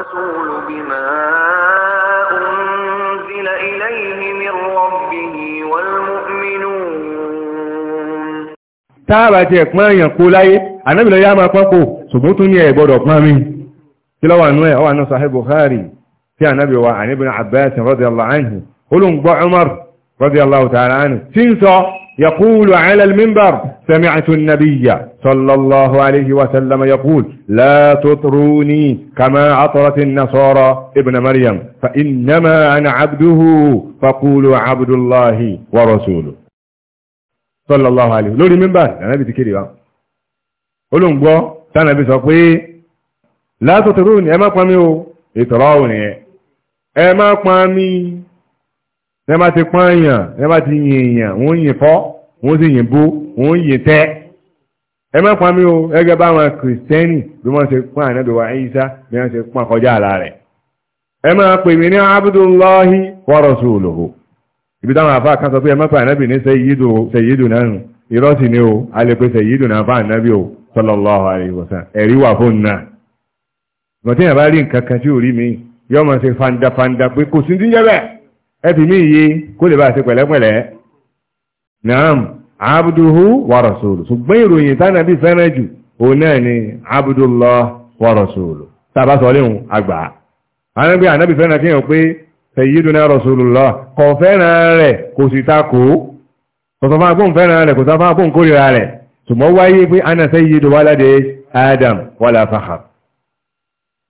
الرسول بما أنزل إليه من ربه والمؤمنون تابعتي ما يقول أي أنا بلا ياما قفو سبوتني يا إبادة أكمامي تلوى أنه هو أنه صاحب بخاري في النبي وعن ابن عباس رضي الله عنه قلوا عمر رضي الله تعالى عنه سنسى يقول على المنبر سمعت النبي صلى الله عليه وسلم يقول لا تطروني كما عطرت النصارى ابن مريم فإنما أنا عبده فقولوا عبد الله ورسوله صلى الله عليه لولي منبر أنا تكيري بقى قولوا بقى تنبي سقوي لا تطروني أما قامي اتراوني أما قامي ẹ má ti pọ́n èèyàn ti yin wọ́n yin fọ́ wọ́n sì yìnbó wọ́n yìn tẹ́ ẹ má pa o ẹgẹ́ bá àwọn kìrìsìtẹ́nì bí wọ́n ṣe pọ́n ànábì wa bí wọ́n ṣe pọ́n kọjá àlá rẹ̀ ẹ máa pè mí ní Abdullahi ibi táwọn àfáà kan sọ pé ẹ má pa ní náà irọ́ sì ni o a lè pe sẹ́yìdù náà fún o sallallahu alaihi ẹ̀rí wà fún náà gbọ̀tí yàrá rí nǹkan kan tí ò rí mi yọ́ mọ̀ fandafanda pé kò sí ní yẹ́bẹ̀ ẹ fi mí kó lè bá pẹ̀lẹ́pẹ̀lẹ́ naam abduhu wa rasulu ṣùgbọ́n ìròyìn tánàbí fẹ́ràn jù òun náà ni abdullah wa rasulu tàbá sọ léhun àgbà anábí anábí fẹ́ràn yàn pé sayyiduna rasulullah kò fẹ́ràn rẹ̀ kò fẹ́ràn kò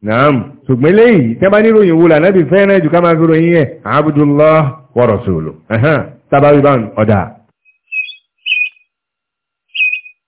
naam ṣùgbọ́n tẹ́ bá wúlà jù ká máa fi ròyìn abdullah tàbá